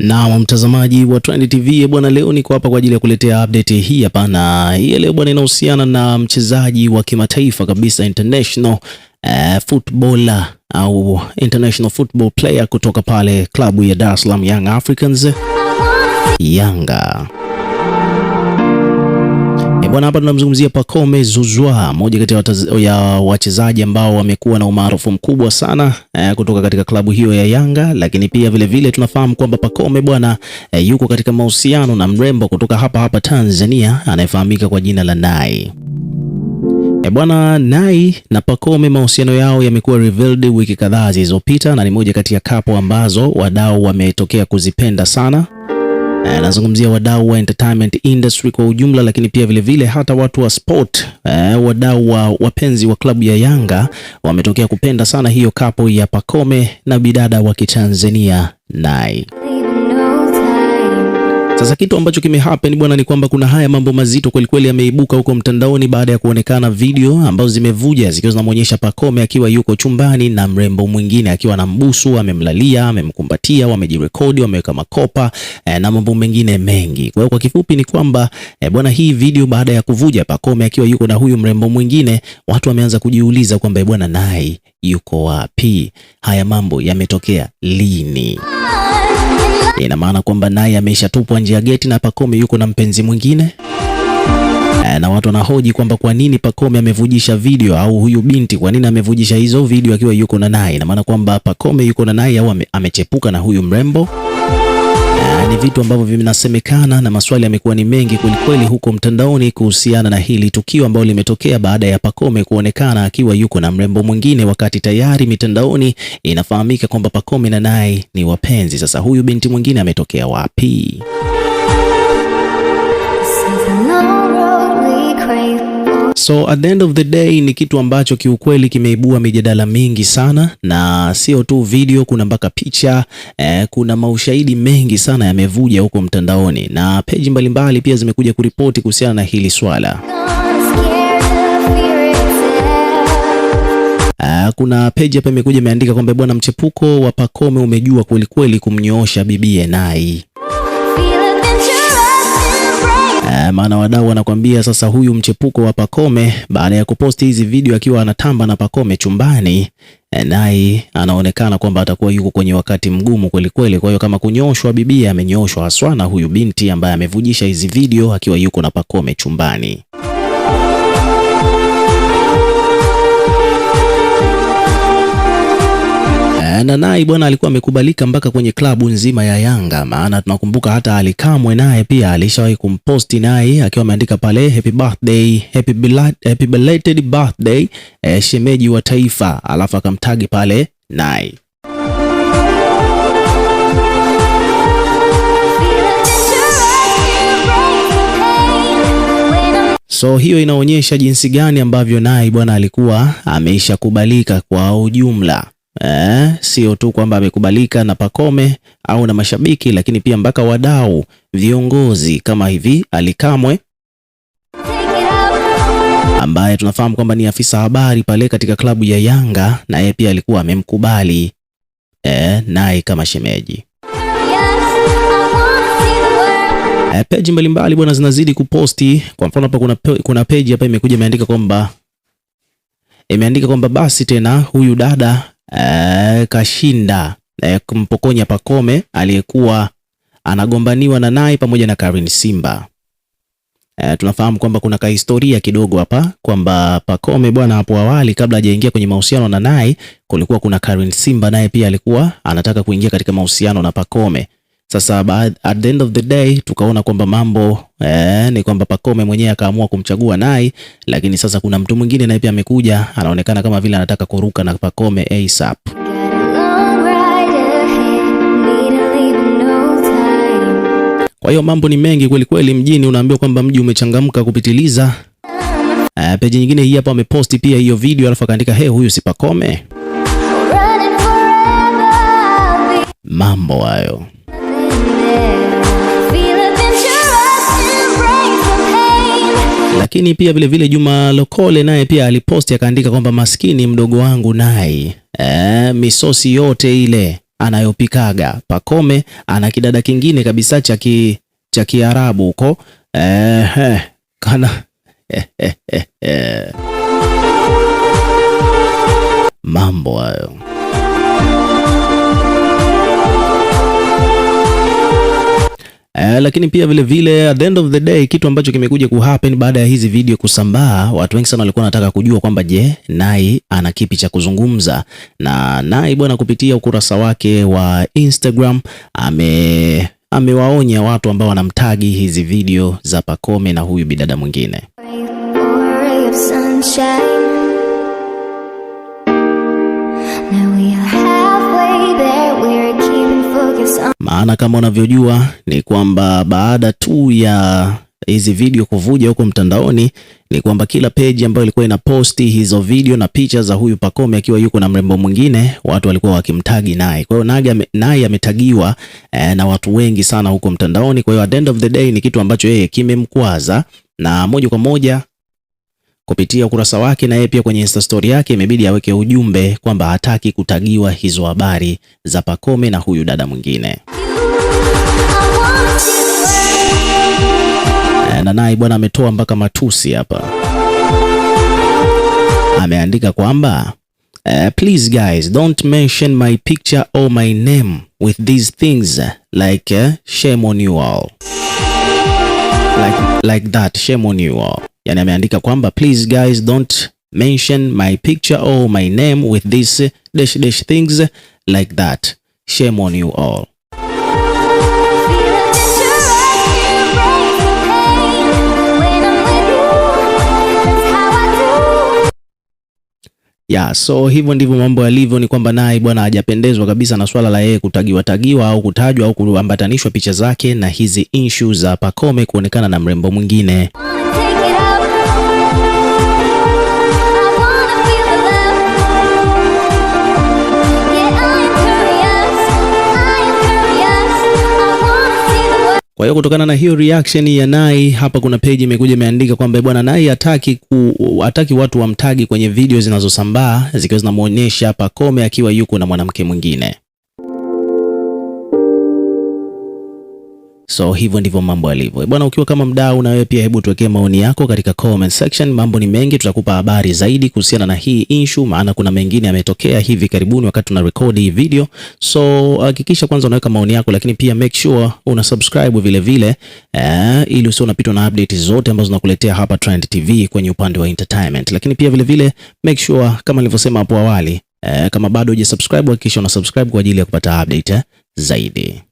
Na mtazamaji wa Trend TV eh, bwana, leo niko hapa kwa ajili ya kuletea update hii hapa, na hii leo bwana inahusiana na mchezaji wa kimataifa kabisa international uh, footballer au international football player kutoka pale klabu ya Dar es Salaam Young Africans Yanga. Bwana, hapa tunamzungumzia Pacome Zouzoua, mmoja kati ya wachezaji ambao wamekuwa na umaarufu mkubwa sana eh, kutoka katika klabu hiyo ya Yanga, lakini pia vile vile tunafahamu kwamba Pacome bwana eh, yuko katika mahusiano na mrembo kutoka hapa hapa Tanzania anayefahamika kwa jina la Nai. E bwana, Nai na Pacome mahusiano yao yamekuwa revealed wiki kadhaa zilizopita, na ni moja kati ya kapo ambazo wadau wametokea kuzipenda sana anazungumzia eh, wadau wa entertainment industry kwa ujumla, lakini pia vilevile vile hata watu wa sport eh, wadau wa wapenzi wa klabu ya Yanga wametokea kupenda sana hiyo kapo ya Pacome na bidada wa Kitanzania Nai. Sasa kitu ambacho kimehappen bwana ni kwamba kuna haya mambo mazito kweli kweli yameibuka huko mtandaoni baada ya kuonekana video ambazo zimevuja zikiwa zinamwonyesha Pacome akiwa yuko chumbani na mrembo mwingine akiwa na mbusu, amemlalia, amemkumbatia, wamejirekodi, wameweka makopa eh, na mambo mengine mengi. Kwa hiyo kwa kifupi ni kwamba eh, bwana hii video baada ya kuvuja Pacome akiwa yuko na huyu mrembo mwingine, watu wameanza kujiuliza kwamba eh, bwana naye yuko wapi? Haya mambo yametokea lini? Ina maana kwamba naye ameshatupwa nje ya geti na pakome yuko na mpenzi mwingine eh, na watu wanahoji kwamba kwa nini Pakome amevujisha video au huyu binti kwa nini amevujisha hizo video akiwa yuko na naye. Ina maana kwamba pakome yuko na naye au amechepuka na huyu mrembo vitu ambavyo vinasemekana na maswali yamekuwa ni mengi kwelikweli huko mtandaoni kuhusiana na hili tukio ambalo limetokea baada ya Pacome kuonekana akiwa yuko na mrembo mwingine, wakati tayari mitandaoni inafahamika kwamba Pacome na naye ni wapenzi. Sasa huyu binti mwingine ametokea wapi? So at the end of the day ni kitu ambacho kiukweli kimeibua mijadala mingi sana, na sio tu video, kuna mpaka picha eh, kuna maushahidi mengi sana yamevuja huko mtandaoni na peji mbalimbali pia zimekuja kuripoti kuhusiana na hili swala. Uh, kuna peji hapa imekuja imeandika kwamba bwana, mchepuko wa Pacome umejua kwelikweli kumnyoosha bibie nai Eh, maana wadau wanakwambia sasa, huyu mchepuko wa Pacome baada ya kuposti hizi video akiwa anatamba na Pacome chumbani e, naye anaonekana kwamba atakuwa yuko kwenye wakati mgumu kweli kweli. Kwa hiyo kama kunyoshwa, bibia amenyoshwa haswa na huyu binti ambaye amevujisha hizi video akiwa yuko na Pacome chumbani. na naye bwana alikuwa amekubalika mpaka kwenye klabu nzima ya Yanga, maana tunakumbuka hata Ali Kamwe naye pia alishawahi kumposti naye akiwa ameandika pale happy birthday, happy belated, happy belated birthday eh, shemeji wa taifa, alafu akamtagi pale naye So hiyo inaonyesha jinsi gani ambavyo naye bwana alikuwa ameishakubalika kwa ujumla eh, sio tu kwamba amekubalika na Pakome au na mashabiki, lakini pia mpaka wadau, viongozi kama hivi alikamwe ambaye tunafahamu kwamba ni afisa habari pale katika klabu ya Yanga, naye pia alikuwa amemkubali eh, naye kama shemeji. eh, peji mbalimbali bwana zinazidi kuposti. Kwa mfano hapa kuna, kuna peji hapa imekuja imeandika kwamba imeandika kwamba basi tena huyu dada Eh, kashinda e, kumpokonya Pacome aliyekuwa anagombaniwa na naye pamoja na Karin Simba. E, tunafahamu kwamba kuna kahistoria kidogo hapa kwamba Pacome bwana, hapo awali kabla hajaingia kwenye mahusiano na naye, kulikuwa kuna Karin Simba naye pia alikuwa anataka kuingia katika mahusiano na Pacome sasa at the end of the day tukaona kwamba mambo eh, ni kwamba Pacome mwenyewe akaamua kumchagua Nai, lakini sasa kuna mtu mwingine naye pia amekuja, anaonekana kama vile anataka kuruka na Pacome ASAP. Kwa hiyo mambo ni mengi kweli kweli mjini, unaambiwa kwamba mji umechangamka kupitiliza. Eh, peji nyingine hii hapa ameposti pia hiyo video alafu akaandika he, huyu si Pacome. Mambo hayo. Lakini pia vile vile Juma Lokole naye pia aliposti akaandika kwamba maskini mdogo wangu naye e, misosi yote ile anayopikaga Pakome ana kidada kingine kabisa cha ki cha Kiarabu huko e, kana he, he, he, he. Mambo hayo. eh, lakini pia vile vile at the end of the day kitu ambacho kimekuja kuhappen baada ya hizi video kusambaa, watu wengi sana walikuwa wanataka kujua kwamba je, Nai ana kipi cha kuzungumza. Na Nai bwana, kupitia ukurasa wake wa Instagram ame amewaonya watu ambao wanamtagi hizi video za Pacome na huyu bidada mwingine Maana kama unavyojua ni kwamba baada tu ya hizi video kuvuja huko mtandaoni, ni kwamba kila peji ambayo ilikuwa ina posti hizo video na picha za huyu Pacome akiwa yuko na mrembo mwingine, watu walikuwa wakimtagi naye. Kwa hiyo naye ametagiwa eh, na watu wengi sana huko mtandaoni. Kwa hiyo at the end of the day ni kitu ambacho yeye kimemkwaza na moja kwa moja kupitia ukurasa wake na yeye pia kwenye Insta story yake imebidi aweke ujumbe kwamba hataki kutagiwa hizo habari za Pacome na huyu dada mwingine. Eh, na naye bwana ametoa mpaka matusi hapa, ameandika kwamba Uh, please guys don't mention my picture or my name with these things like uh, shame on you all like, like that shame on you all yani ameandika kwamba please guys don't mention my picture or my name with this dash dash things like that shame on you all Yeah, so hivyo ndivyo mambo yalivyo. Ni kwamba naye bwana hajapendezwa kabisa na swala la yeye kutagiwa tagiwa au kutajwa au kuambatanishwa picha zake na hizi issues za Pacome kuonekana na mrembo mwingine. Kwa hiyo kutokana na hiyo reaction ya Nai, hapa kuna page imekuja imeandika kwamba eh, bwana Nai hataki hataki watu wamtagi kwenye video zinazosambaa zikiwa zinamuonyesha Pacome akiwa yuko na mwanamke mwingine. So hivyo ndivyo mambo yalivyo bwana. Ukiwa kama mdau na wewe pia, hebu tuwekee maoni yako katika comment section. Mambo ni mengi, tutakupa habari zaidi kuhusiana na hii issue, maana kuna mengine yametokea hivi karibuni wakati tuna record hii video. So hakikisha kwanza unaweka maoni yako, lakini pia make sure una subscribe vile vile, eh, ili usio unapitwa na update zote ambazo tunakuletea hapa Trend TV kwenye upande wa entertainment, lakini pia vile vile make sure kama nilivyosema hapo awali, eh, kama bado hujasubscribe hakikisha una subscribe kwa ajili ya kupata update eh, zaidi.